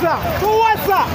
kowarsa kowarsa